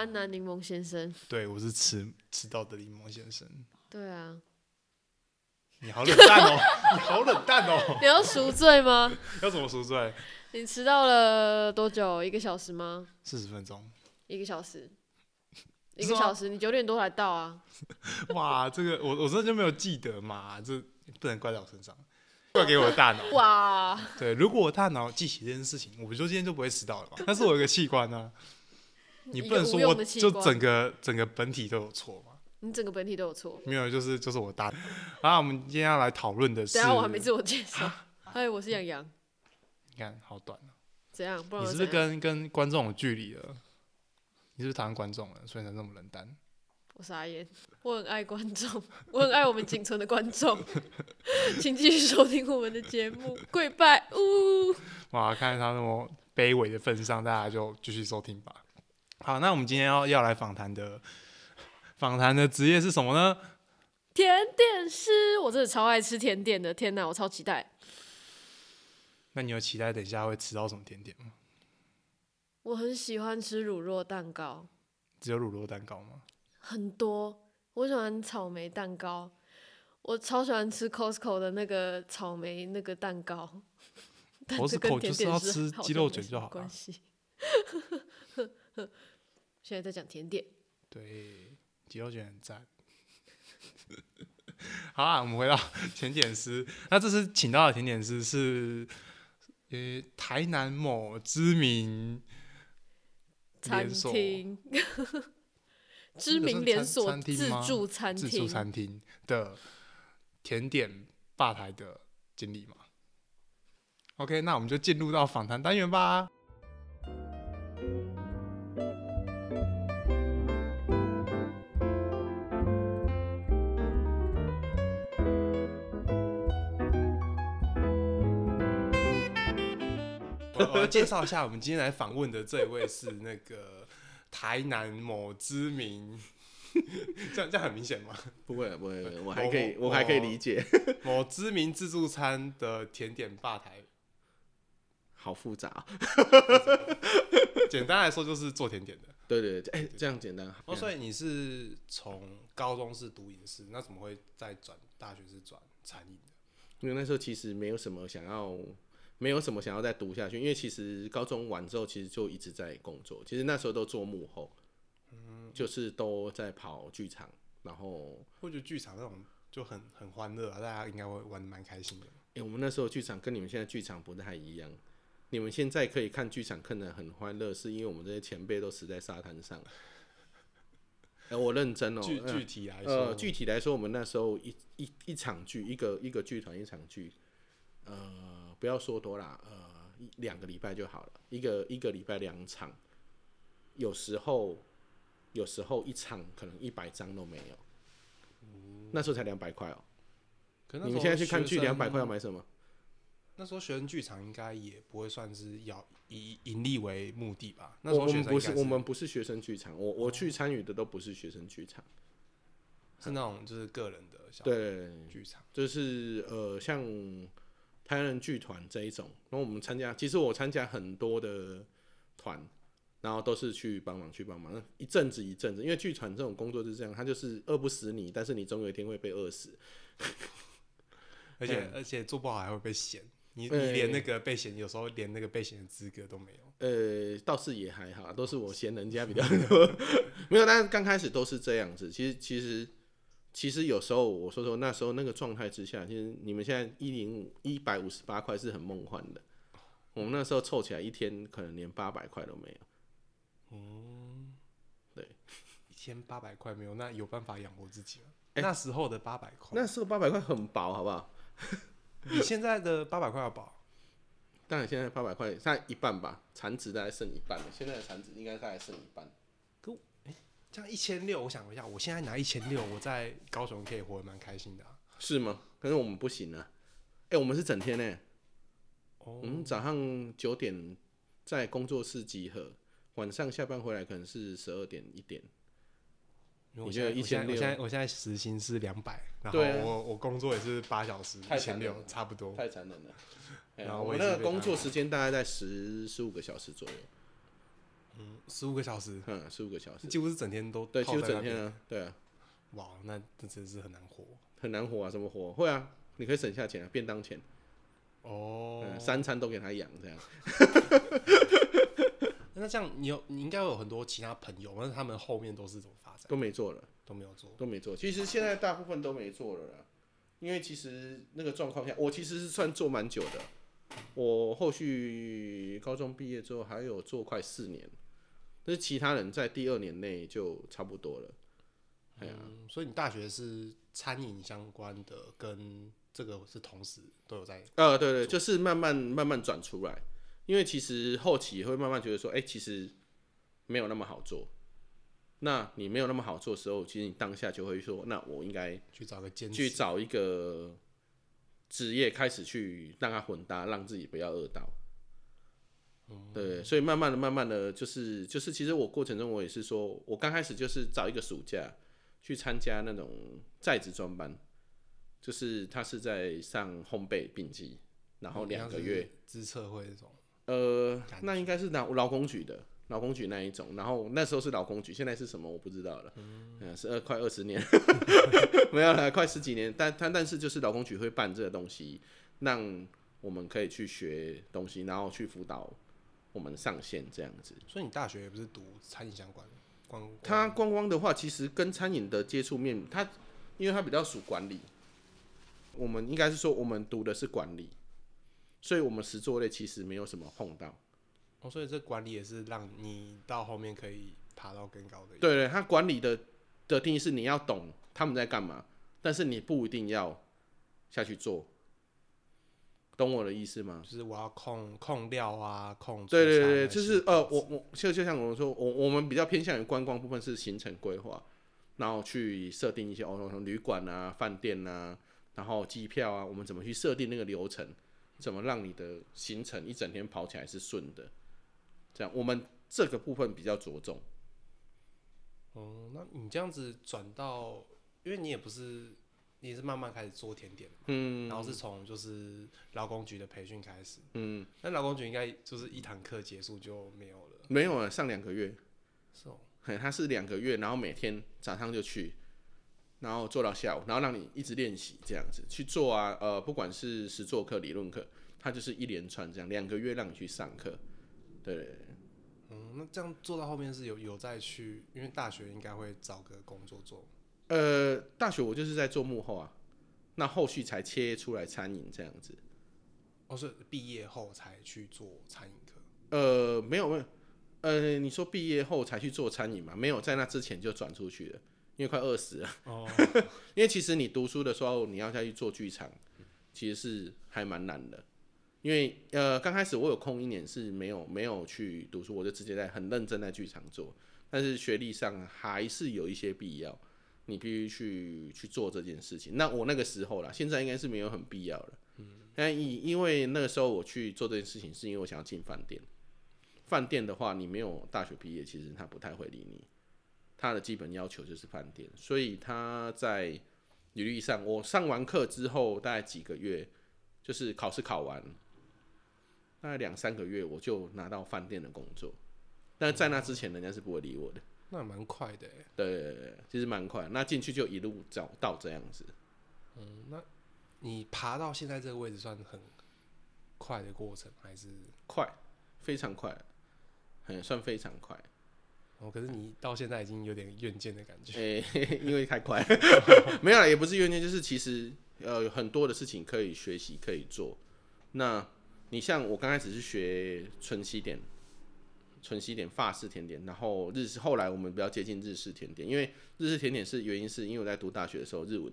安南檸檬先生，對，我是遲遲到的檸檬先生。對啊，你好冷淡哦、喔， 你好冷淡哦、喔，你要贖罪嗎？ 要怎麼贖罪？你遲到了多久？一個小時嗎？四十分鐘，一個小時，一個小時，你九點多才到啊？ 哇，這個我我真的就沒有記得嘛，這不能怪在我身上，怪給我的大腦。哇，對，如果我大腦記起這件事情，我不就今天就不會遲到了嘛。但是我有一個器官呢、啊。 你不能說我就整個整個本體都有錯嗎？你、嗯、整個本體都有錯？沒有，就是就是我搭。 然後我們今天要來討論的是。等一下，我還沒自我介紹。嗨， 我是楊洋。你看好短了、喔。怎樣,不然怎樣？你是不是跟跟觀眾有距離了？你是不是討厭觀眾了？所以才那麼冷淡？我傻眼，我很愛觀眾，我很愛我們僅存的觀眾， 請繼續收聽我們的節目， 跪拜！嗚。哇，看在他那麼卑微的份上，大家就繼續收聽吧。好，那我們今天要要來訪談的訪談的職業是什麼呢？甜點師，我真的超愛吃甜點的。天哪，我超期待。那你有期待等一下會吃到什麼甜點嗎？我很喜歡吃乳酪蛋糕。只有乳酪蛋糕嗎？很多，我喜歡草莓蛋糕。我超喜歡吃 Costco 的那個草莓那個蛋糕。但是 Costco 就是要吃雞肉卷就好 呵現在在講甜點，對，雞肉卷很讚。好啊。我們回到甜點師，那這次請到的甜點師是呃、欸、台南某知名餐廳， 知名連鎖自助餐廳的甜點吧台的經理嘛。OK，那我們就進入到訪談單元吧。 我介紹一下，我們今天來訪問的這一位是那個台南某知名， 這樣這樣很明顯嗎？不會不會，我還可以我,我還可以理解某。某知名自助餐的甜點吧台， 好複雜、喔。 簡單來說就是做甜點的。對對對，哎、欸，這樣簡單。哦、喔嗯，所以你是從高中是讀影視，那怎麼會再轉大學是轉餐飲的？因為那時候其實沒有什麼想要。沒有什麼想要再讀下去，因為其實高中完之後，其實就一直在工作。其實那時候都做幕後，嗯，就是都在跑劇場，然後或者劇場那種就很很歡樂，啊，大家應該會玩得蠻開心的。哎、欸，我們那時候劇場跟你們現在劇場不太一樣。你們現在可以看劇場看得很歡樂，是因為我們這些前輩都死在沙灘上。哎、 欸，我認真哦。具具體來說，具體來說，呃呃、具體來說我們那時候一一一,一場劇，一個一個劇團一場劇，呃。不要說多啦，呃，兩個禮拜就好了，一個一個禮拜兩場，有時候有時候一場可能一百張都沒有、嗯，那時候才兩百塊哦、喔。可你們現在去看劇，兩百塊要買什麼？那時候，那時候學生劇場應該也不會算是要以盈利為目的吧？那時候我們不是我們不是學生劇場，我、嗯、我去參與的都不是學生劇場，是那種就是個人的小、啊、對劇場，就是呃像。台南人劇團這一種，然後我們參加，其實我參加很多的團，然後都是去幫忙去幫忙。一陣子一陣子，因為劇團這種工作就是這樣，他就是餓不死你，但是你總有一天會被餓死。 而且、嗯、而且做不好還會被嫌，你、欸、你連那個被嫌，有時候連那個被嫌的資格都沒有。呃、欸，倒是也還好，都是我嫌人家比較多， 沒有。但是剛開始都是這樣子，其實其實。其實有時候我說說那時候那個狀態之下，其實你們現在一零五、一百五十八塊是很夢幻的。我們那時候湊起來一天可能連八百塊都沒有。哦、嗯，對，一千八百塊沒有，那有辦法養活自己了？欸、那時候的八百塊，那時候八百塊很薄，好不好？比 現在的八百塊要薄。但你現在八百塊，現在一半吧，產值大概剩一半了。現在的產值應該大概剩一半。這樣一千六，我想了一下，我現在拿一千六，我在高雄可以活得蠻開心的。啊，是嗎？可是我們不行啊，哎，欸，我們是整天嘞，欸，我、oh. 們、嗯、早上九點在工作室集合，晚上下班回來可能是十二點一點。我覺得一千六，我現在，我現在，我，現在我現在時薪是兩百，然後我、啊、我工作也是八小時，一千六差不多，太殘忍了。忍了 然後我、欸、我那個工作時間大概在十十五個小時左右。十五個小時，嗯，十五個小時，幾乎是整天都，對，幾乎整天啊，對啊，哇，那這真是很難活，很難活啊，什麼活啊？會啊，你可以省下錢啊，便當錢，哦、oh... 嗯，三餐都給他養這樣， 那這樣你有，你應該有很多其他朋友，但是他們後面都是怎麼發展？都沒做了，都沒有做，都沒做。其實現在大部分都沒做了啦， 因為其實那個狀況下，我其實是算做蠻久的，我後續高中畢業之後還有做快四年。就是其他人在第二年內就差不多了，哎呀、啊嗯，所以你大學是餐飲相關的，跟這個是同時都有在。呃，對對，就是慢慢慢慢轉出來，因為其實後期也會慢慢覺得說，哎、欸，其實沒有那麼好做。那你沒有那麼好做的時候，其實你當下就會說，那我應該去找個兼職，去找一個職業開始去讓它混搭，讓自己不要餓到。嗯、對，所以慢慢的、慢慢的、就是，就是就是，其實我過程中我也是說，我剛開始就是找一個暑假去參加那種在職專班，就是他是在上烘焙丙級，然後兩個月那呃，那應該是老勞工局的勞工局那一種，然後那時候是勞工局，現在是什麼我不知道了，嗯、啊，是快二十年， 沒有了，快十幾年，但但但是就是勞工局會辦這個東西，讓我們可以去學東西，然後去輔導。我們上線這樣子。所以你大學也不是讀餐飲相關的，光他觀光，光的話，其實跟餐飲的接觸面，它因為他比較屬管理，我們應該是說我們讀的是管理，所以我們實作類其實沒有什麼碰到。哦，所以這管理也是讓你到後面可以爬到更高的？對對，他管理的的定義是你要懂他們在幹嘛，但是你不一定要下去做。懂我的意思嗎？就是我要控控料啊，控對，對對對，就是呃，我我就就像我們說，我我們比較偏向於觀光部分，是行程規劃，然後去設定一些哦，什麼旅館啊、飯店啊，然後機票啊，我們怎麼去設定那個流程，怎麼讓你的行程一整天跑起來是順的，這樣我們這個部分比較着重。哦、嗯，那你這樣子轉到，因為你也不是。你是慢慢開始做甜點，嗯，然後是從就是勞工局的培訓開始，嗯，那勞工局應該就是一堂課結束就沒有了，沒有了。上兩個月，是哦，嘿，他是兩個月，然後每天早上就去，然後做到下午，然後讓你一直練習這樣子去做啊，呃，不管是實作課、理論課，他就是一連串這樣兩個月讓你去上課，對，嗯，那這樣做到後面是有有再去，因為大學應該會找個工作做。呃，大學我就是在做幕後啊，那後續才切出來餐飲這樣子。哦，是畢業後才去做餐飲的。呃，沒有沒有，呃，你說畢業後才去做餐飲嘛？沒有，在那之前就轉出去了，因為快餓死了。哦。 因為其實你讀書的時候你要再去做劇場，其實是還蠻難的。因為呃，剛開始我有空一年是沒有沒有去讀書，我就直接在很認真在劇場做。但是學歷上還是有一些必要。你必須去去做這件事情。那我那個時候啦，現在應該是沒有很必要了。嗯，但因因為那個時候我去做這件事情，是因為我想要進飯店。飯店的話，你沒有大學畢業，其實他不太會理你。他的基本要求就是飯店，所以他在履歷上，我上完課之後大概幾個月，就是考試考完，大概兩三個月，我就拿到飯店的工作。但在那之前，人家是不會理我的。那也蠻快的，對，對，對，對，其實蠻快。那進去就一路走到這樣子。嗯，那你爬到現在這個位置，算很快的過程，還是快？非常快，嗯，算非常快。哦，可是你到現在已經有點怨念的感覺。哎、欸，因為太快了 沒有，也不是怨念，就是其實呃，有很多的事情可以學習，可以做。那你像我剛開始是學純西點，純西點、法式甜點，然後日式。後來我們比較接近日式甜點，因為日式甜點是原因，是因為我在讀大學的時候日文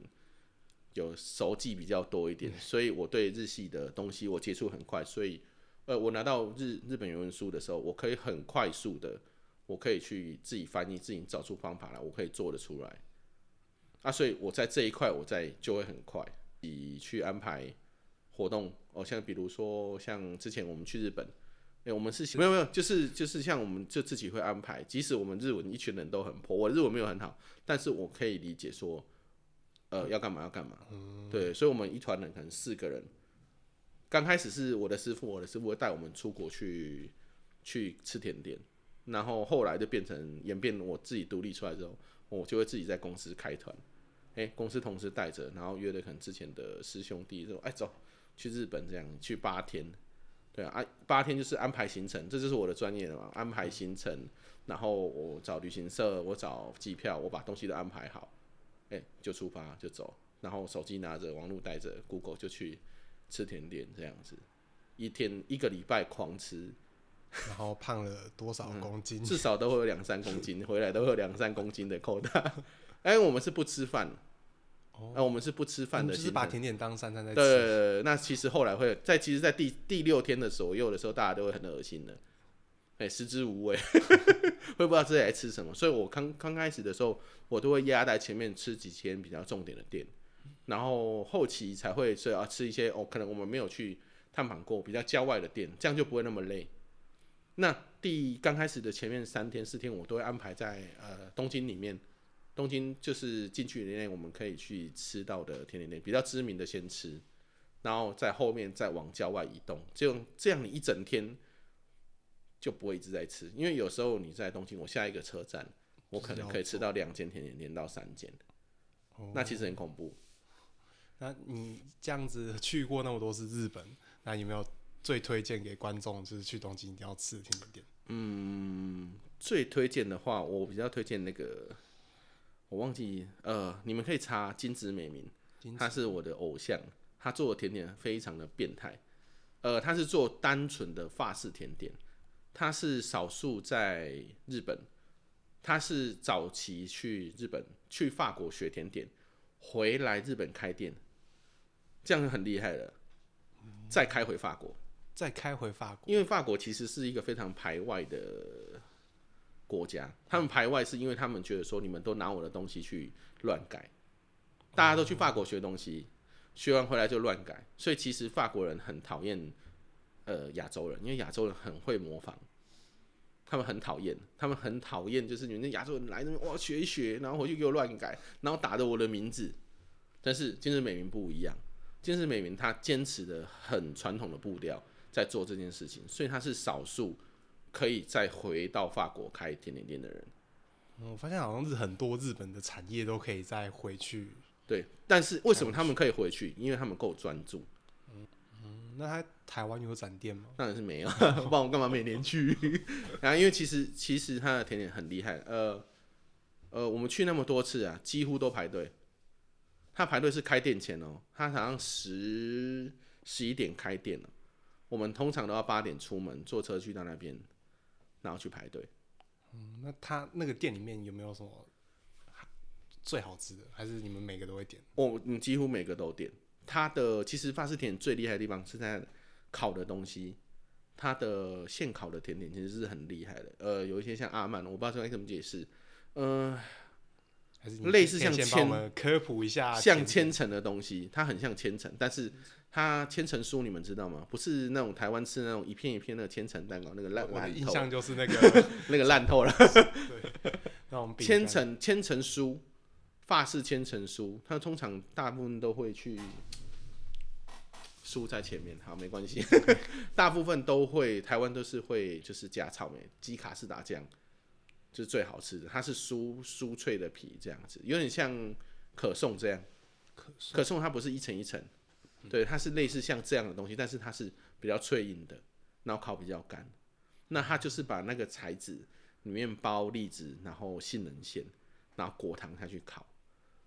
有熟記比較多一點，所以我對日系的東西我接觸很快。所以，呃，我拿到日日本原文書的時候，我可以很快速的，我可以去自己翻譯，自己找出方法來，我可以做得出來。啊，所以我在這一塊，我在就會很快，以去安排活動哦。像比如說，像之前我們去日本。欸、我們是沒有沒有，就是就是像我們就自己會安排，即使我們日文一群人都很破，我日文沒有很好，但是我可以理解說，呃，要幹嘛要幹嘛，對，所以我們一團人可能四個人，剛開始是我的師傅，我的師傅會帶我們出國去去吃甜點，然後後來就變成演變，我自己獨立出來之後，我就會自己在公司開團，誒、欸，公司同事帶着，然後約了可能之前的師兄弟，就說，哎、欸，走去日本這樣去八天。對啊，啊，八天就是安排行程，這就是我的專業了嘛。安排行程，然後我找旅行社，我找機票，我把東西都安排好，哎，就出發就走，然後手機拿着，網絡帶着，Google 就去吃甜點這樣子，一天一個禮拜狂吃，然後胖了多少公斤？ 嗯、至少都會有兩三公斤， 回來都會有兩三公斤的扣打。 哎，我們是不吃飯。那、哦、啊、我們是不吃飯的，是把甜點當三餐在吃。對，對，對，那其實後來會，在其實，在第第六天的時候，有的時候，大家都會很噁心的，哎、欸，食之無味， 會不知道自己在吃什麼。所以我剛剛開始的時候，我都會壓在前面吃幾天比較重點的店，然後後期才會說啊，吃一些哦，可能我們沒有去探訪過比較郊外的店，這樣就不會那麼累。那第剛開始的前面三天四天，我都會安排在、嗯、呃東京裡面。東京就是近距離內我們可以去吃到的甜點店，比較知名的先吃，然後在後面再往郊外移動，這樣這樣你一整天就不會一直在吃，因為有時候你在東京，我下一個車站，我可能可以吃到兩間甜點店到三間，那其實很恐怖。哦，那你這樣子去過那麼多次日本，那有沒有最推薦給觀眾就是去東京一定要吃甜點店？嗯，最推薦的話，我比較推薦那個。我忘記，呃，你們可以查金子美明。他是我的偶像，他做的甜點非常的變態，呃，他是做單純的法式甜點，他是少數在日本，他是早期去日本去法國學甜點，回來日本開店，這樣就很厲害了，嗯，再開回法國，再開回法國，因為法國其實是一個非常排外的國家，他們排外，是因為他們覺得說你們都拿我的東西去亂改，大家都去法國學東西，學完回來就亂改，所以其實法國人很討厭，呃，亞洲人，因為亞洲人很會模仿，他們很討厭，他們很討厭，就是你們亞洲人來這邊哇學一學，然後回去給我亂改，然後打着我的名字。但是堅持美名不一樣，堅持美名他堅持的很傳統的步調在做這件事情，所以他是少數。可以再回到法國開甜點店的人，嗯，我發現好像是很多日本的產業都可以再回去。對，但是為什麼他們可以回去？因為他們夠專注嗯。嗯，那他台灣有展店嗎？當然是沒有，不 然 我幹嘛每年去？後、 啊、因為其實其實他的甜點很厲害。呃呃，我們去那麼多次啊，幾乎都排隊。他排隊是開店前哦，喔，他好像十十一點開店，喔、我們通常都要八點出門，坐車去到那邊。然後去排隊。嗯，那他那個店裡面有沒有什麼最好吃的？還是你們每個都會點？我、哦，幾乎每個都點。他的其實法式甜點最厲害的地方是在烤的東西，他的現烤的甜點其實是很厲害的。呃，有一些像阿曼，我不知道該怎麼解釋，呃，類似像千，科普一下，像千層的東西，它很像千層，但是。嗯它千層酥你們知道嗎？不是那種台灣吃那種一片一片的千層蛋糕那個爛，我的印象就是那個 那個爛透了。對，千層千層酥，法式千層酥，它通常大部分都會去酥在前面，好沒關係， 大部分都會台灣都是會就是加草莓，基卡士達醬，就是最好吃的。它是酥酥脆的皮這樣子，有點像可頌這樣，可可頌它不是一層一層。對，它是類似像這樣的東西，但是它是比較脆硬的，然後烤比較乾。那它就是把那個材質裡面包栗子，然後杏仁餡，然後裹糖下去烤。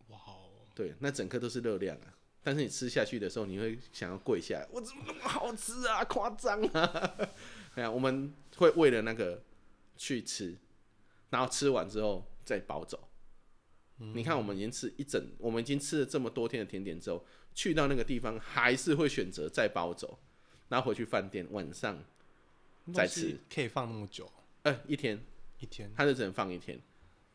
哇！哦，對，那整個都是熱量啊。但是你吃下去的時候，你會想要跪下來，我怎麼那麼好吃啊？誇張啊！哎呀，我們會為了那個去吃，然後吃完之後再包走。嗯、你看，我們已經吃一整，我們已經吃了這麼多天的甜點之後。去到那個地方，還是會選擇再包走，拿回去飯店晚上再吃。可以放那麼久？呃、欸，一天，一天，它就只能放一天，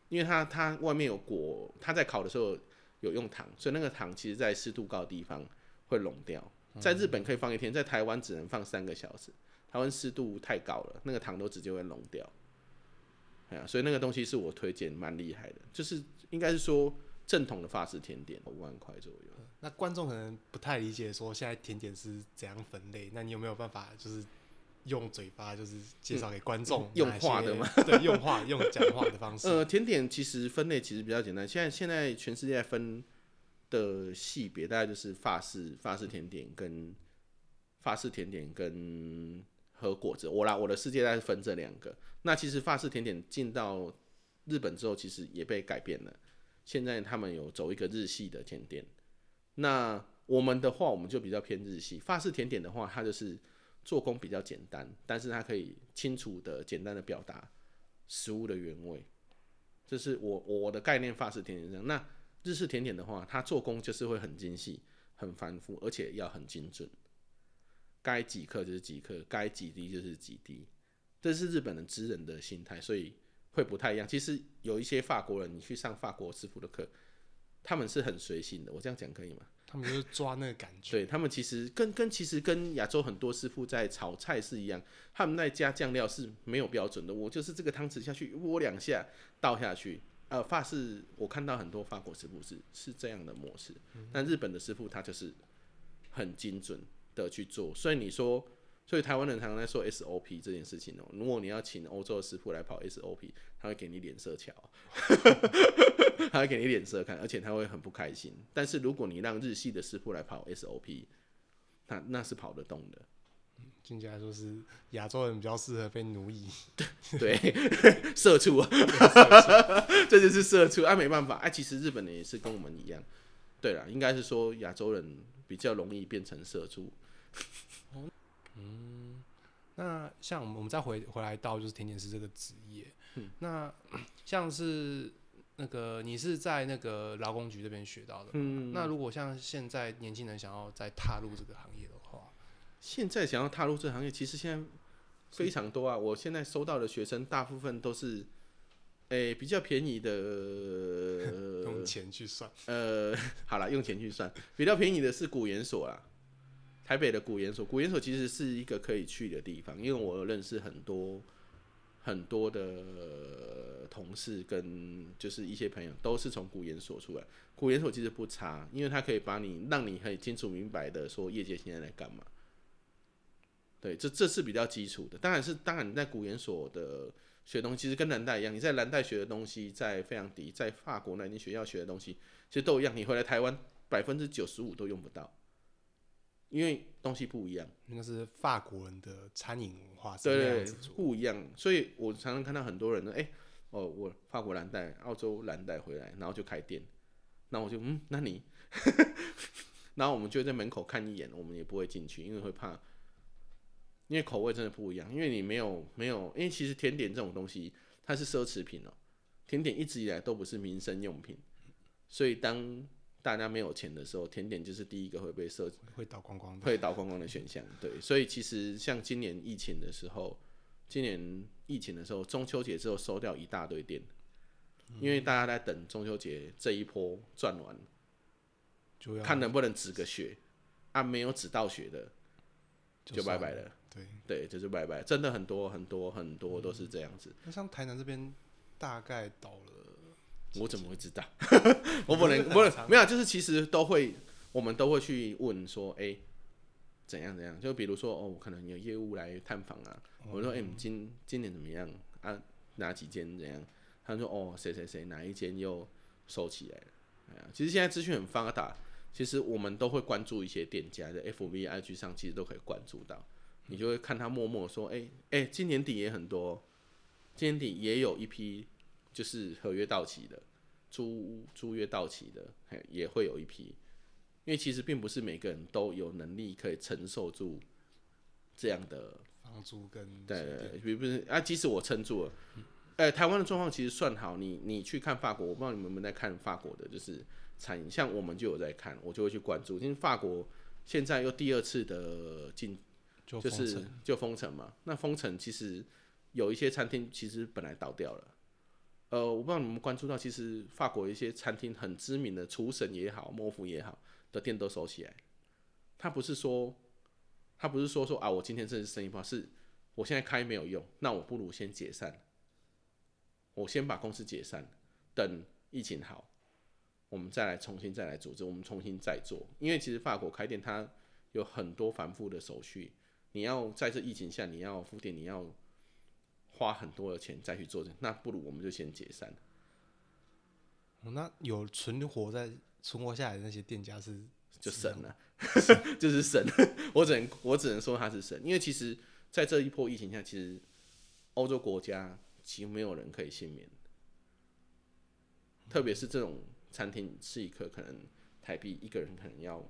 因為它它外面有裹，它在烤的時候有用糖，所以那個糖其實，在濕度高的地方會融掉。在日本可以放一天，在台灣只能放三個小時，台灣濕度太高了，那個糖都直接會融掉。哎呀、啊，所以那個東西是我推薦蠻厲害的，就是應該是說正統的法式甜點，五萬塊左右。那觀眾可能不太理解，說現在甜點是怎樣分類？那你有沒有辦法，就是用嘴巴，就是介紹給觀眾、嗯、用話的嗎？對，用話 用講話的方式。呃，甜點其實分類其實比較簡單。現在現在全世界分的系別大概就是法式法式甜點跟法式甜點跟和果子。我啦，我的世界大概分這兩個。那其實法式甜點進到日本之後，其實也被改變了。現在他們有走一個日系的甜點。那我們的話，我們就比較偏日系。法式甜點的話，它就是做工比較簡單，但是它可以清楚的、簡單的表達食物的原味。這是我我的概念，法式甜點這樣。那日式甜點的話，它做工就是會很精細、很繁複，而且要很精準，該幾克就是幾克，該幾滴就是幾滴。這是日本的職人的心態，所以會不太一樣。其實有一些法國人，你去上法國師傅的課，他們是很隨性的，我這樣講可以嗎？他們就是抓那個感覺 對。對他們其實跟跟其實跟亞洲很多師傅在炒菜是一樣，他們在加醬料是沒有標準的。我就是這個湯匙下去，我兩下倒下去，呃，法式我看到很多法國師傅是是這樣的模式、嗯，但日本的師傅他就是很精準的去做。所以你說。所以台灣人常常在說 SOP 這件事情哦、喔。如果你要請歐洲的師傅來跑 SOP，他會給你臉色瞧， 他會給你臉色看，而且他會很不開心。但是如果你讓日系的師傅來跑 SOP，他那，那是跑得動的。聽起來就是是亞洲人比較適合被奴役，對，社 畜，這 就是社畜。啊。沒辦法，啊其實日本人也是跟我們一樣。對了，應該是說亞洲人比較容易變成社畜。 嗯，那像我們再回回來到就是甜點師這個職業，嗯，那像是那個你是在那個勞工局這邊學到的，嗯，那如果像現在年輕人想要再踏入這個行業的話，現在想要踏入這個行業，其實現在非常多啊。我現在收到的學生大部分都是，誒、欸，比較便宜的，呃、 用錢去算，呃，好了，用錢去算， 比較便宜的是古研所啊。台北的古研所，古研所其實是一個可以去的地方，因為我有認識很多很多的、呃、同事跟就是一些朋友都是從古研所出來，古研所其實不差，因為它可以把你讓你很清楚明白的說業界現在在幹嘛。對，這這是比較基礎的，當然是當然你在古研所的學的東西，其實跟藍帶一樣，你在藍帶學的東西，在非常迪，在法國那間學校學的東西，其實都一樣，你回來台灣百分之九十五都用不到。因為東西不一樣，那是法國人的餐飲文化，對，對對，不一樣。所以我常常看到很多人呢，哎、欸，哦，我法國藍帶、澳洲藍帶回來，然後就開店，那我就嗯，那你， 然後我們就在門口看一眼，我們也不會進去，因為會怕，因為口味真的不一樣，因為你沒有沒有，因為其實甜點這種東西它是奢侈品哦、喔，甜點一直以來都不是民生用品，所以當。大家沒有錢的時候，甜點就是第一個會被設會倒光光、會倒光光的、光光的選項。對，所以其實像今年疫情的時候，今年疫情的時候，中秋節之後收掉一大堆店、嗯，因為大家在等中秋節這一波賺完就要，看能不能止個血。啊，沒有止到血的就，就拜拜了。對，對，就是拜拜。真的很多很多很多都是這樣子。那、嗯、像台南這邊，大概倒了。我怎麼會知道？ 我不能， 不是沒有，就是其實都會，我們都會去問說，哎、欸，怎樣怎樣？就比如說，哦，可能有業務來探訪啊。我說，哎、欸，你今今年怎麼樣啊？哪幾間怎樣？他說，哦，誰誰誰，哪一間又收起來了？哎呀、啊，其實現在資訊很發達，其實我們都會關注一些店家，在 FB、IG 上，其實都可以關注到。你就會看他默默說，哎、欸、哎、欸，今年底也很多，今年底也有一批，就是合約到期的，租租約到期的，嘿，也會有一批，因為其實並不是每個人都有能力可以承受住這樣的房租跟對，對，對，比如啊，即使我撐住了，呃、嗯欸，台灣的狀況其實算好。你你去看法國，我不知道你們有沒有在看法國的，就是產像我們就有在看，我就會去關注。因為法國現在又第二次的進，就是就封城嘛。那封城其實有一些餐廳其實本來倒掉了。呃，我不知道你們關注到，其實法國一些餐廳很知名的廚神也好、莫夫也好，的店都收起來。他不是說，他不是說說啊，我今天這是生意不好，是我現在開沒有用，那我不如先解散，我先把公司解散，等疫情好，我們再來重新再來組織，我們重新再做。因為其實法國開店它有很多繁複的手續，你要在這疫情下，你要復店，你要，花很多的錢再去做這，那不如我們就先解散。那有存活在存活下來的那些店家是就神了，是 就是神了。 我只能我只能說他是神，因為其實在這一波疫情下，其實歐洲國家幾乎沒有人可以幸免。嗯，特別是這種餐廳，吃一個可能台幣一個人可能要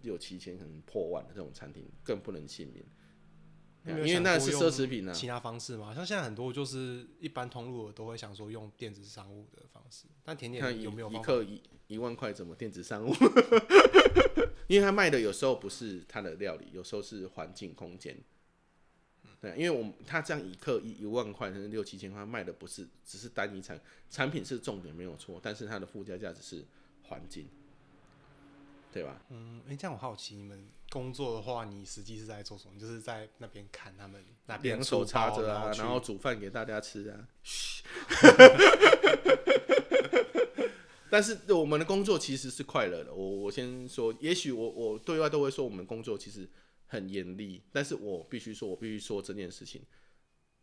六七千，可能破萬的這種餐廳，更不能幸免。因為那是奢侈品呢、啊，其他方式嘛，像現在很多就是一般通路的都會想說用電子商務的方式，但甜點有沒有方、啊、一顆一一,一萬塊？怎麼電子商務？ 因為他賣的有時候不是他的料理，有時候是環境空間。對，因為我們他這樣一顆一一萬塊甚至六七千塊賣的不是，只是單一產產品是重點沒有錯，但是它的附加價值是環境。對吧？嗯，哎、欸，這樣我好奇，你們工作的話，你實際是在做什麼？就是在那邊看他們，邊手插着啊，然後煮飯給大家吃啊。噓。 但是我們的工作其實是快樂的。我我先說，也許我我對外都會說我們工作其實很嚴厲，但是我必須說，我必須說這件事情。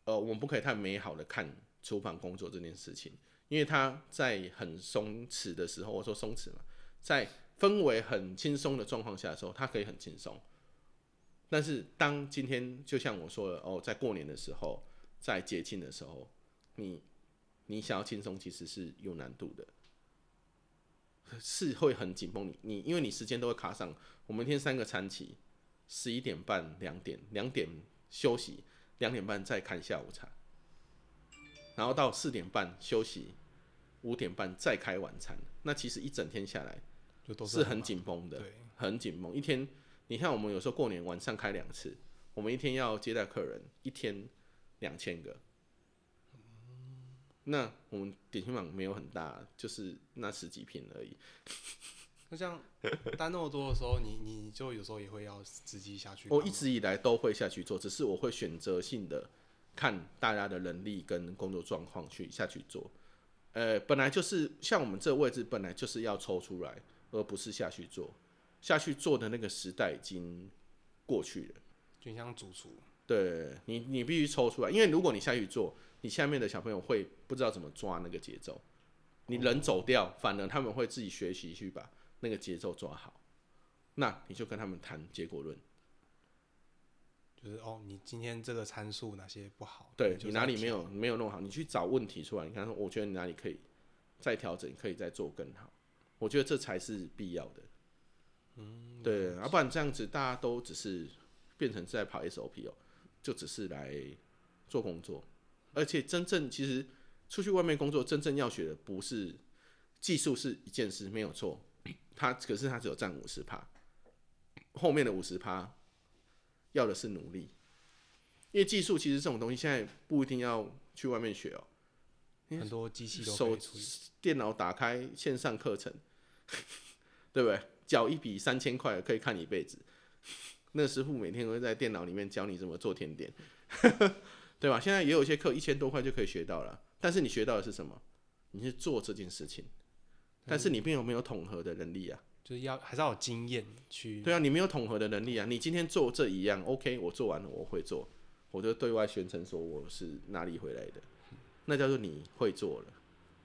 呃，我們不可以太美好的看廚房工作這件事情，因為他在很鬆弛的時候，我說鬆弛嘛，在。氛圍很輕鬆的狀況下的時候，他可以很輕鬆。但是當今天就像我說的哦，在過年的時候，在節慶的時候，你你想要輕鬆，其實是有難度的，是會很緊繃。你你因為你時間都會卡上，我每天三個餐期，十一點半、兩點、兩點休息，兩點半再開下午茶，然後到四點半休息，五點半再開晚餐。那其實一整天下來。是很緊繃的，很緊繃。一天，你看我們有時候過年晚上開兩次，我們一天要接待客人一天兩千個、嗯。那我們點心坊沒有很大，就是那十幾坪而已。那這樣，單那麼多的時候，你你就有時候也會要自己下去。 我一直以來都會下去做，只是我會選擇性的看大家的能力跟工作狀況去下去做。呃，本來就是像我們這個位置，本來就是要抽出來。而不是下去做，下去做的那個時代已經過去了。就像主廚，對，你，你必須抽出來，因為如果你下去做，你下面的小朋友會不知道怎麼抓那個節奏。你人走掉，哦，反而他們會自己學習去把那個節奏抓好。那你就跟他們談結果論，就是哦，你今天這個參數哪些不好？對，你哪裡沒有沒有弄好？你去找問題出來。你看，說我覺得你哪裡可以再調整，可以再做更好。我覺得這才是必要的，嗯，對，而不然這樣子大家都只是變成是在跑 SOP 哦，就只是來做工作，而且真正其實出去外面工作，真正要學的不是技術是一件事，沒有錯，他可是他只有占五十趴，後面的五十趴要的是努力，因為技術其實這種東西現在不一定要去外面學哦。很多機器都可以手電腦打開線上課程，呵呵對不對？繳一筆三千塊可以看你一輩子。那師傅每天都會在電腦裡面教你怎麼做甜點，呵呵對吧？現在也有一些課一千多塊就可以學到了，但是你學到的是什麼？你是做這件事情，但是你並有沒有統合的能力啊，嗯、就是要還是要有經驗去。對啊，你沒有統合的能力啊，你今天做這一樣 OK，我做完了我會做，我就對外宣稱說我是哪裡回來的。那叫做你會做了，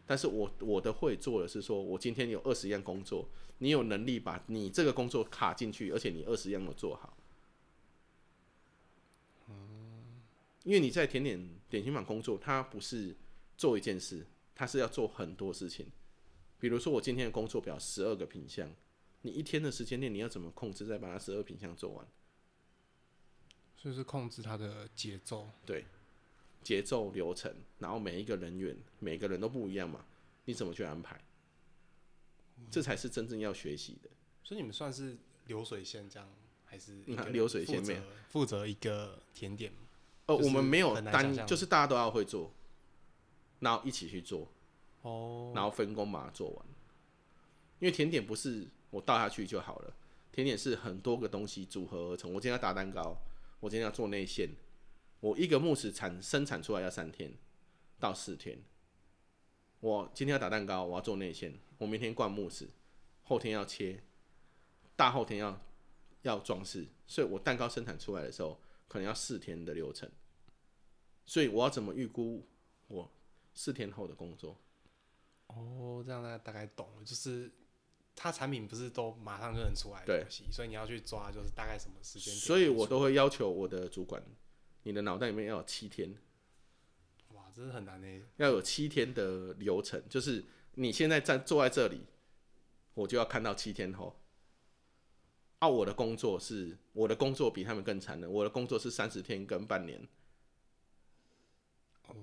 但是我我的會做的是說，我今天有二十樣工作，你有能力把你這個工作卡進去，而且你二十樣都做好。嗯，因為你在甜點點心坊工作，它不是做一件事，它是要做很多事情。比如說，我今天的工作表十二個品項，你一天的時間內你要怎麼控制，再把它十二個品項做完。所以是控制它的節奏，對。節奏流程，然後每一個人員每個人都不一樣嘛，你怎麼去安排？這才是真正要學習的、嗯。所以你們算是流水線這樣，還是、嗯、流水線負責一個甜點？哦、就是呃，我們沒有單，就是大家都要會做，然後一起去做。哦，然後分工把它做完、哦。因為甜點不是我倒下去就好了，甜點是很多個東西組合而成。我今天要打蛋糕，我今天要做內餡。我一個慕斯產生產出來要三天到四天。我今天要打蛋糕，我要做內餡，我明天灌慕斯，後天要切，大後天要要裝飾，所以我蛋糕生產出來的時候可能要四天的流程。所以我要怎麼預估我四天後的工作？哦，這樣大家大概懂了，就是它產品不是都馬上就能出來的東西、西，所以你要去抓，就是大概什麼時間？所以我都會要求我的主管。你的腦袋裡面要有七天，哇，這是很難的。要有七天的流程，就是你現在站坐在這裡，我就要看到七天吼，哦，我的工作是，我的工作比他們更慘的，我的工作是三十天跟半年。哦，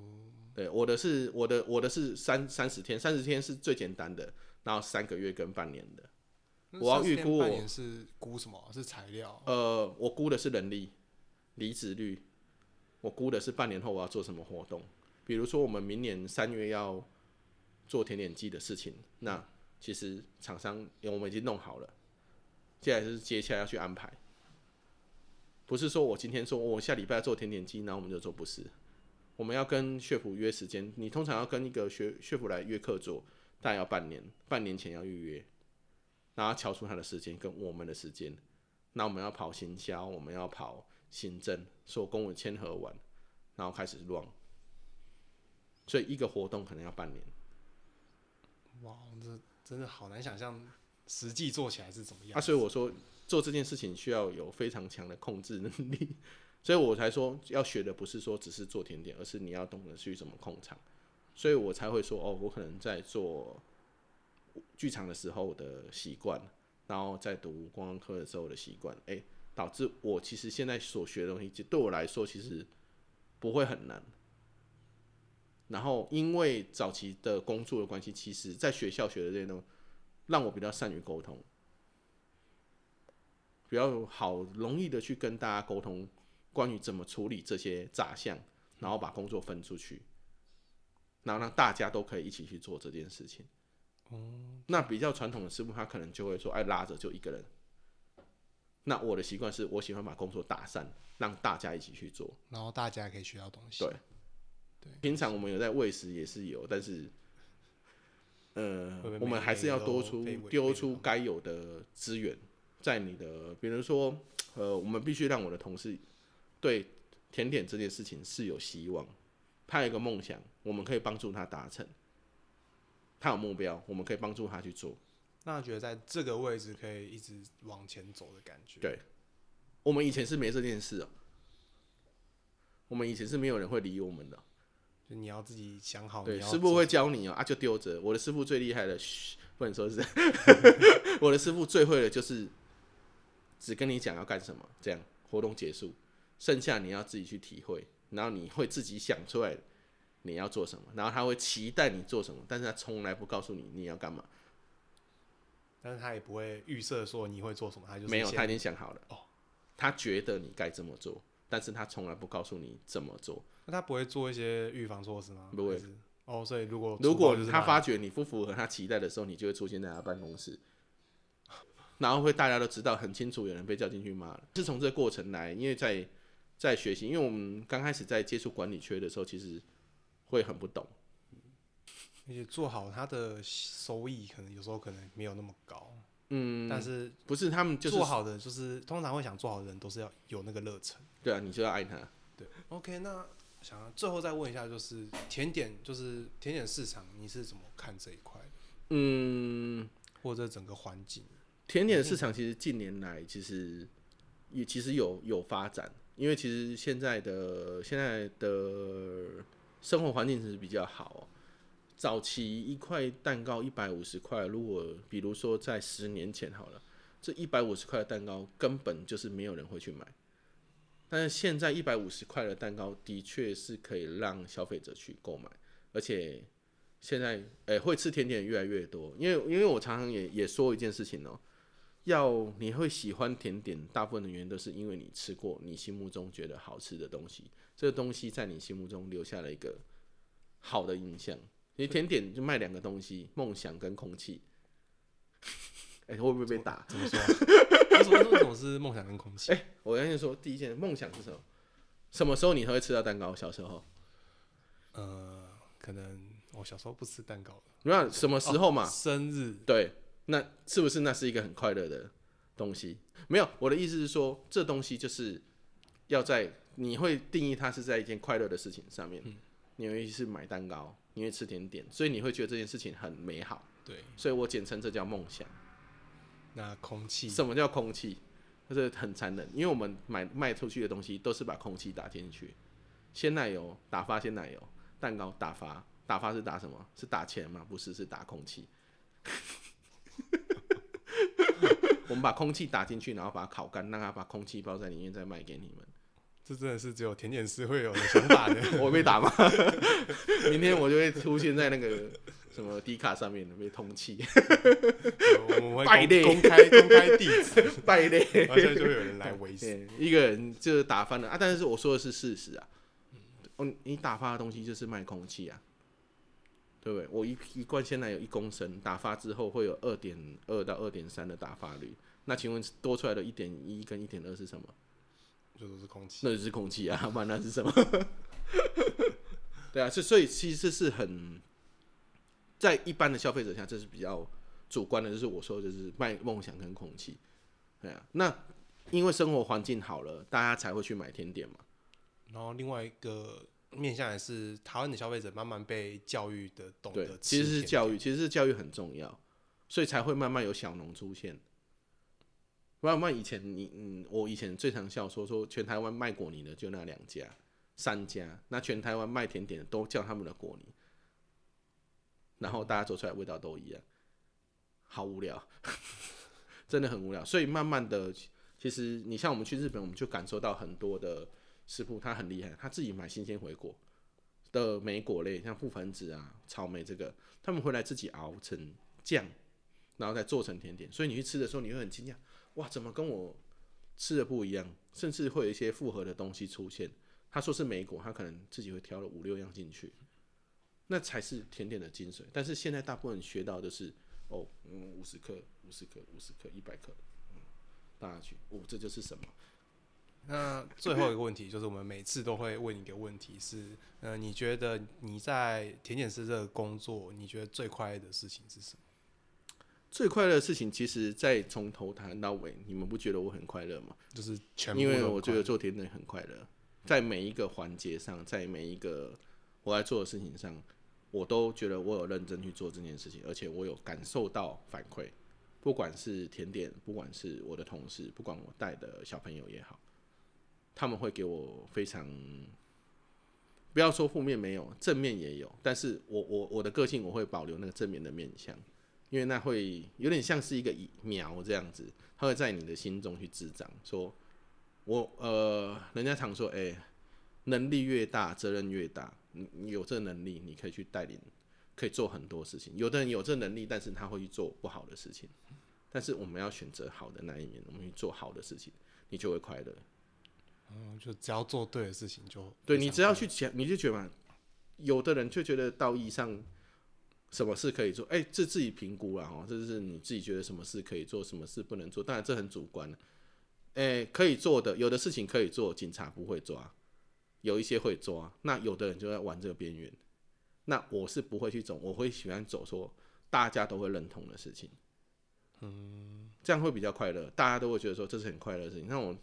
對，我的是，我的我的是三三十天，三十天是最簡單的，然後三個月跟半年的。我要預估，半年是估什麼？是材料？呃，我估的是人力離職率。我估的是半年後我要做什麼活動，比如說我們明年三月要做甜點機的事情，那其實廠商因為，我們已經弄好了，接下來就是接下來要去安排，不是說我今天說我下禮拜做甜點機，然後我們就說不是，我們要跟師傅約時間，你通常要跟一個師師傅來約課做，大概要半年，半年前要預約，然後敲出他的時間跟我們的時間，那我們要跑行銷，我們要跑。行政，說跟我簽合完，然後開始亂，所以一個活動可能要半年。哇，這真的好難想象，實際做起來是怎麼樣啊？所以我說做這件事情需要有非常強的控制能力， 所以我才說要學的不是說只是做甜點，而是你要懂得去怎麼控場，所以我才會說哦，我可能在做劇場的時候的習慣，然後在讀觀光科的時候的習慣，欸導致我其實現在所學的東西，就對我來說其實不會很難。然後，因為早期的工作的關係，其實，在學校學的這些東西，讓我比較善於溝通，比較好容易的去跟大家溝通，關於怎麼處理這些雜項，然後把工作分出去，然後讓大家都可以一起去做這件事情。哦，那比較傳統的師傅，他可能就會說，哎，拉着就一個人。那我的習慣是我喜歡把工作打散，讓大家一起去做，然後大家可以學到東西。對，對。平常我們有在餵食也是有，但是，呃，會會我們還是要多出丟出該有的資源，在你的，比如說，呃，我們必須讓我的同事對甜點這件事情是有希望，他有一個夢想，我們可以幫助他達成，他有目標，我們可以幫助他去做。那覺得在這個位置可以一直往前走的感覺。對。對，我們以前是沒這件事的。喔，我們以前是沒有人會理我們的。喔，你要自己想好。對，你要師傅會教你哦。喔，啊就丟着。我的師傅最厲害的，不能說是， 我的師傅最會的就是只跟你講要幹什麼，這樣活動結束，剩下你要自己去體會，然後你會自己想出來你要做什麼，然後他會期待你做什麼，但是他從來不告訴你你要幹嘛。但是他也不會預設說你會做什麼，他就沒有，他已經想好了。哦、oh.，他覺得你該這麼做，但是他從來不告訴你怎麼做。那他不會做一些預防措施嗎？不會。哦，oh, 所以如果如果他發覺你不符合他期待的時候，你就會出現在他辦公室， 然後會大家都知道很清楚，有人被叫進去罵了。 是從這個過程來，因為在在學習，因為我們剛開始在接觸管理學的時候，其實會很不懂。而且做好它的收益，可能有時候可能沒有那麼高，嗯，但是不是他們就做好的就是，是、就是、通常會想做好的人都是要有那個熱忱，對啊，你就要愛他，對，OK，那想要最後再問一下，就是甜點，就是甜點市場，你是怎麼看這一塊？嗯，或者整個環境，甜點市場其實近年來其實也其實有有發展，因為其實現在的現在的生活環境是比較好。早期一塊蛋糕一百五十塊，如果比如說在十年前好了，這一百五十塊的蛋糕根本就是沒有人會去買。但是現在一百五十塊的蛋糕的確是可以讓消費者去購買，而且現在誒、欸，會吃甜點越來越多，因為因為我常常也也說一件事情哦、喔，要你會喜歡甜點，大部分的原因都是因為你吃過你心目中覺得好吃的東西，這個東西在你心目中留下了一個好的印象。你甜點就賣兩個東西：夢想跟空氣。哎、欸，會不會被打？怎麼、這麼說啊、 說？為什麼是夢想跟空氣？哎、欸，我剛才說第一件夢想是什麼？什麼時候你才會吃到蛋糕？小時候？呃，可能我小時候不吃蛋糕。那什麼時候嘛？哦，生日。對，那是不是那是一個很快樂的東西？沒有，我的意思是說，這東西就是要在你會定義它是在一件快樂的事情上面。嗯，尤其是買蛋糕。因為吃甜點，所以你會覺得這件事情很美好。對，所以我簡稱這叫夢想。那空氣？什麼叫空氣？這、就是很殘忍，因為我們買賣出去的東西都是把空氣打進去。鮮奶油打發，鮮奶油蛋糕打發，打發是打什麼？是打錢嗎？不是，是打空氣。 我們把空氣打進去，然後把它烤乾，讓它把空氣包在裡面，再賣給你們。這真的是只有甜點師會有想的想法。我被打嗎？ 明天我就會出現在那個什麼 D 卡上面被通緝。， 敗類！公開公開地址。敗 類壞壞！而、啊、且，就會有人來威脅，yeah, 一個人就是打翻了啊！但是我說的是事實啊。哦，你打發的東西就是賣空氣啊，對不對？我一一罐鮮奶有一公升，打發之後會有二點二到二點三的打發率。那請問多出來的一點一跟一點二是什麼？就都是空氣，那就是空氣啊！不然 那是什麼？ 對啊，所所以其實是很在一般的消費者下，這是比較主觀的。就是我說，就是賣夢想跟空氣，對啊。那因為生活環境好了，大家才會去買甜點嘛。然後另外一個面向也是，台灣的消費者慢慢被教育的懂得，對，其實是教育，其實是教育很重要，所以才會慢慢有小農出現。慢慢以前你嗯，我以前最常笑說說全台灣賣果泥的就那兩家三家，那全台灣賣甜點的都叫他們的果泥，然後大家做出來的味道都一樣，好無聊呵呵，真的很無聊。所以慢慢的，其實你像我們去日本，我們就感受到很多的師傅，他很厲害，他自己買新鮮回國的莓果類，像覆盆子啊、草莓這個，他們回來自己熬成醬。然後再做成甜點，所以你去吃的時候，你會很驚訝，哇，怎麼跟我吃的不一樣？甚至會有一些複合的東西出現。他說是莓果，他可能自己會挑了五六樣進去，那才是甜點的精髓。但是現在大部分人學到的，就是，哦，嗯，五十克、五十克、五十克、一百克，嗯，大家去，哦，這就是什麼？那最後一個問題就是，我們每次都會問一個問題是，呃，你覺得你在甜點師這個工作，你覺得最快樂的事情是什麼？最快樂的事情，其實在從頭談到尾，你們不覺得我很快樂嗎？就是全部，因為我覺得做甜點很快樂，在每一個環節上，在每一個我要做的事情上，我都覺得我有認真去做這件事情，而且我有感受到反饋，不管是甜點，不管是我的同事，不管我帶的小朋友也好，他們會給我非常，不要說負面沒有，正面也有，但是我我我的個性我會保留那個正面的面向。因為那會有點像是一個疫苗這樣子，它會在你的心中去滋長。說，我呃，人家常說，哎、欸，能力越大，責任越大。你，你有這能力，你可以去帶領，可以做很多事情。有的人有這能力，但是他會去做不好的事情。但是我們要選擇好的那一面，我們去做好的事情，你就會快樂。嗯，就只要做對的事情就，就對你只要去想，你就覺得嘛，有的人就覺得道義上。什麼事可以做？哎、欸，這自己評估了哦，這是你自己覺得什麼事可以做，什麼事不能做。當然這很主觀的。哎、欸，可以做的，有的事情可以做，警察不會抓，有一些會抓。那有的人就在玩這個邊緣，那我是不會去走，我會喜歡走說大家都會認同的事情。嗯，這樣會比較快樂，大家都會覺得說這是很快樂的事情。像我，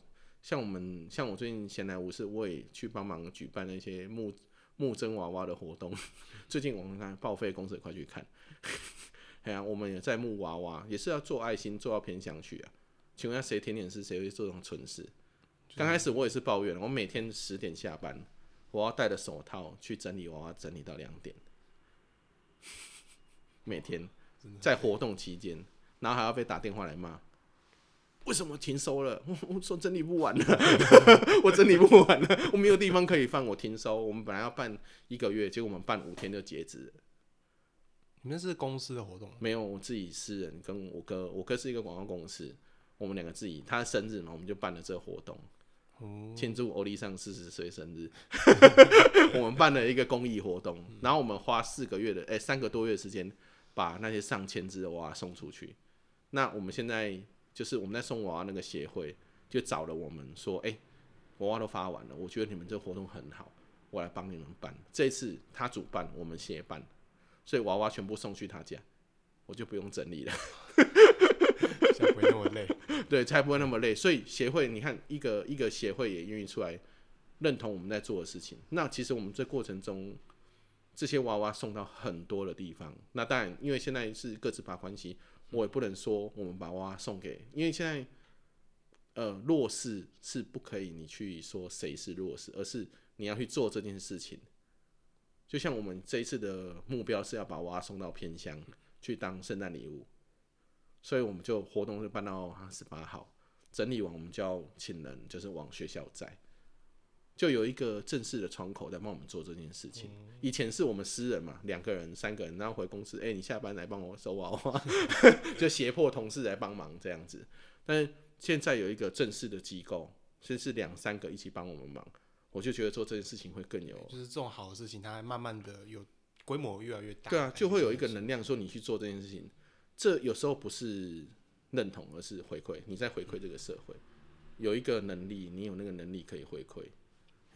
像我們，像我最近閒來無事，我也去幫忙舉辦那些木。木真娃娃的活動，最近我們看報廢公司也快去看，哎 呀、啊，我們也在木娃娃，也是要做愛心，做到偏向去啊。請問下誰天天是誰會做這種蠢事？剛開始我也是抱怨我每天十點下班，我要戴着手套去整理娃娃，整理到兩點，每天在活動期間，然後還要被打電話來罵。為什麼我停收了？我我說整理不完了， 我整理不完了，我沒有地方可以放，我停收。我們本來要辦一個月，結果我們辦五天就截止了。你們是公司的活動？沒有，我自己私人跟我哥，我哥是一個廣告公司，我們兩個自己。他生日嘛，我們就辦了這個活動，慶、嗯、祝歐尼桑四十歲生日。 我們辦了一個公益活動，然後我們花四個月的，哎、欸，三個多月的時間，把那些上千隻的娃娃送出去。那我們現在。就是我們在送娃娃那個協會，就找了我們說，哎、欸，娃娃都發完了，我覺得你們這活動很好，我來幫你們辦。這次他主辦，我們協辦，所以娃娃全部送去他家，我就不用整理了， 才不會那麼累。 對，才不會那麼累。所以協會，你看，一個一個協會也願意出來認同我們在做的事情。那其實我們這過程中，這些娃娃送到很多的地方。那當然，因為現在是各自把關係。我也不能說我們把娃娃送給，因為現在，呃，弱勢是不可以你去說誰是弱勢，而是你要去做這件事情。就像我們這一次的目標是要把娃娃送到偏鄉去當聖誕禮物，所以我們就活動就辦到十八號，整理完我們就要請人，就是往學校載。就有一個正式的窗口在幫我們做這件事情、嗯。以前是我們私人嘛，兩個人、三個人，然後回公司，哎、欸，你下班來幫我收娃娃， 就脅迫同事來幫忙這樣子。但是現在有一個正式的機構，所以是兩三個一起幫我們忙，我就覺得做這件事情會更有，就是這種好的事情，它還慢慢的有規模越來越大。對啊，就會有一個能量說你去做這件事情，嗯、這有時候不是認同，而是回饋。你在回饋這個社會，有一個能力，你有那個能力可以回饋。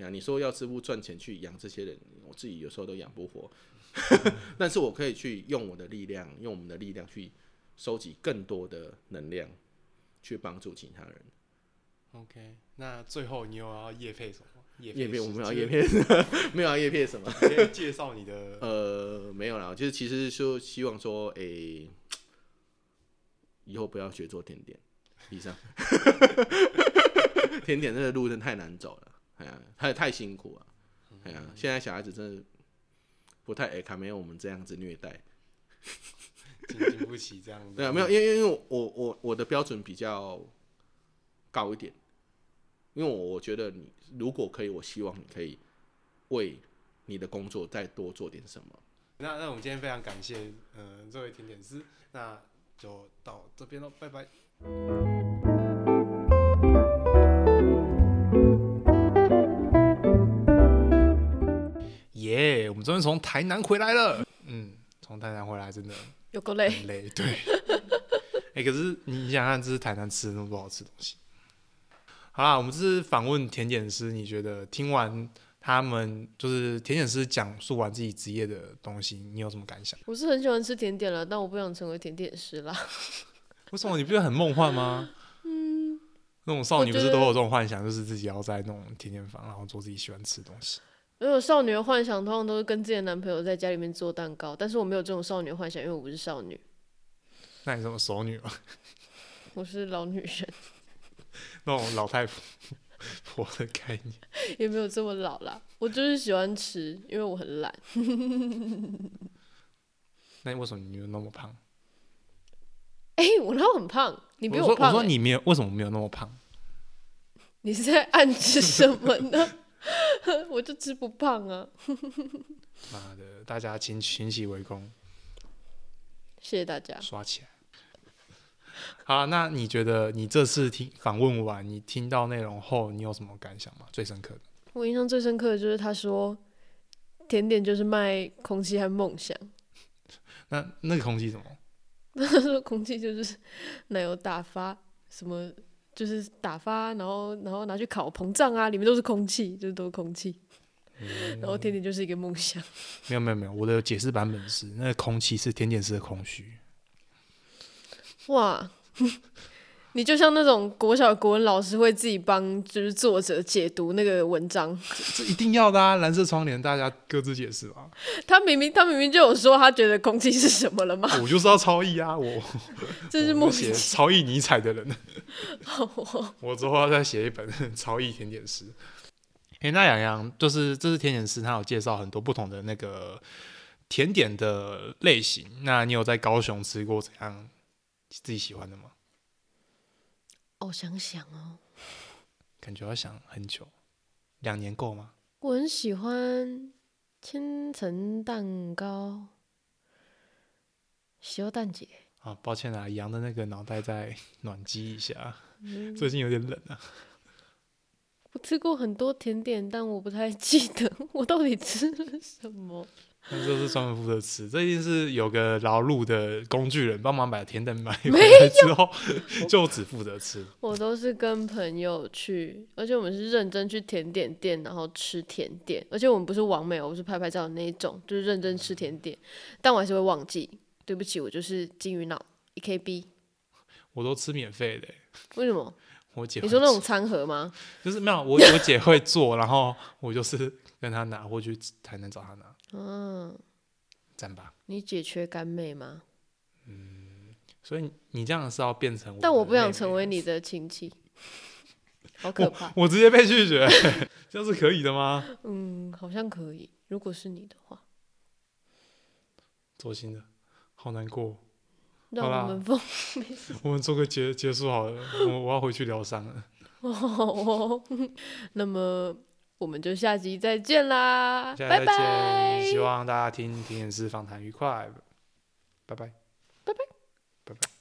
呀，你說要是不賺錢去養這些人，我自己有時候都養不活、嗯，但是我可以去用我的力量，用我們的力量去收集更多的能量，去幫助其他人。OK，那最後你有要業配什麼？業配我們要業配，沒有啊？業 配 什麼？ 介紹你的？呃，沒有啦，就是其實說希望說，哎、欸，以後不要學做甜點，以上。甜點那個路真太難走了。哎呀，他 也太辛苦了。哎呀，現在小孩子真的不太愛看，欸、沒有我們這樣子虐待 ，經經不起這樣 對、啊。對，沒有，因為因為我，我我我的標準比較高一點，因為我我覺得你如果可以，我希望你可以為你的工作再多做點什麼。那那我們今天非常感謝，嗯、呃，這位甜點師，那就到這邊嘍，拜拜。昨天從台南回來了，嗯，從台南回來真的有夠累，累對。哎、 欸，可是你想想看，這是台南吃的那麼多好吃的東西。好啦，我們這是訪問甜點師，你覺得聽完他們就是甜點師講述完自己職業的東西，你有什麼感想？我是很喜歡吃甜點了，但我不想成為甜點師啦。 為什麼？你不覺得很夢幻嗎？嗯，那種少女不是都有這種幻想，就是自己要在那種甜點房，然後做自己喜歡吃的東西。所有少女的幻想通常都是跟自己的男朋友在家裡面做蛋糕，但是我沒有這種少女的幻想，因為我不是少女。那你怎麼熟女嗎？我是老女人。那種老太婆的概念。 也沒有這麼老啦，我就是喜歡吃，因為我很懶。 那你為什麼你又那麼胖？哎、欸，我哪有很胖？你比我胖、欸我。我說你沒有，為什麼沒有那麼胖？你是在暗示什麼呢？ 我就吃不胖啊！媽的，大家請群起圍攻，謝謝大家，刷起來！ 好，那你覺得你這次聽訪問完，你聽到內容後，你有什麼感想嗎？最深刻的？我印象最深刻的就是他說，甜點就是賣空氣和夢想。 那那個空氣怎麼？ 他說空氣就是奶油打發什麼？就是打發，然後然後拿去烤，膨脹啊，裡面都是空氣，就是都是空氣、嗯。然後甜點就是一個夢想。沒有沒有沒有，我的解釋版本是，那空氣是甜點式的空虛。哇。 你就像那種國小國文老師會自己幫，就是作者解讀那個文章。這，這一定要的，啊，藍色窗簾，大家各自解釋嘛。他明明他明明就有說他覺得空氣是什麼了嗎？我就是要超譯啊，我這是目前， 超譯尼采的人。 我之後要再寫一本超譯甜點師。哎，那洋洋就是這，就是甜點師，他有介紹很多不同的那個甜點的類型。那你有在高雄吃過怎樣自己喜歡的嗎？我、哦、想想哦，感覺要想很久，兩年夠嗎？我很喜歡千層蛋糕，小蛋姐啊，抱歉啊，羊的那個腦袋再暖機一下，嗯，最近有點冷啊。我吃過很多甜點，但我不太記得我到底吃了什麼。們就是專門負責吃，最近是有個勞碌的工具人幫忙把甜點買回來之後，就只負責吃。我都是跟朋友去，而且我們是認真去甜點店，然後吃甜點。而且我們不是網美，我是拍拍照的那一種，就是認真吃甜點。但我還是會忘記，對不起，我就是金魚腦，1KB。我都吃免費的，為什麼？我姐會，你說那種餐盒嗎？就是沒有，我我姐會做，然後我就是跟她拿過 去才能找她拿。嗯、啊，讚吧。你姐缺乾妹嗎？嗯，所以你這樣是要變成……但我不想成為你的親戚， 好可怕！我我直接被拒絕， 這樣是可以的嗎？嗯，好像可以。如果是你的話，走心的，好難過。讓好了， 我們放，我們做個結結束好了，我我要回去療傷了。哦， 那麼。我們就下集再見啦！下集見拜拜，希望大家聽甜點師訪談愉快，拜拜，拜拜，拜拜。拜拜。